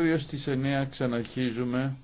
Αύριο στις 9 ξαναρχίζουμε.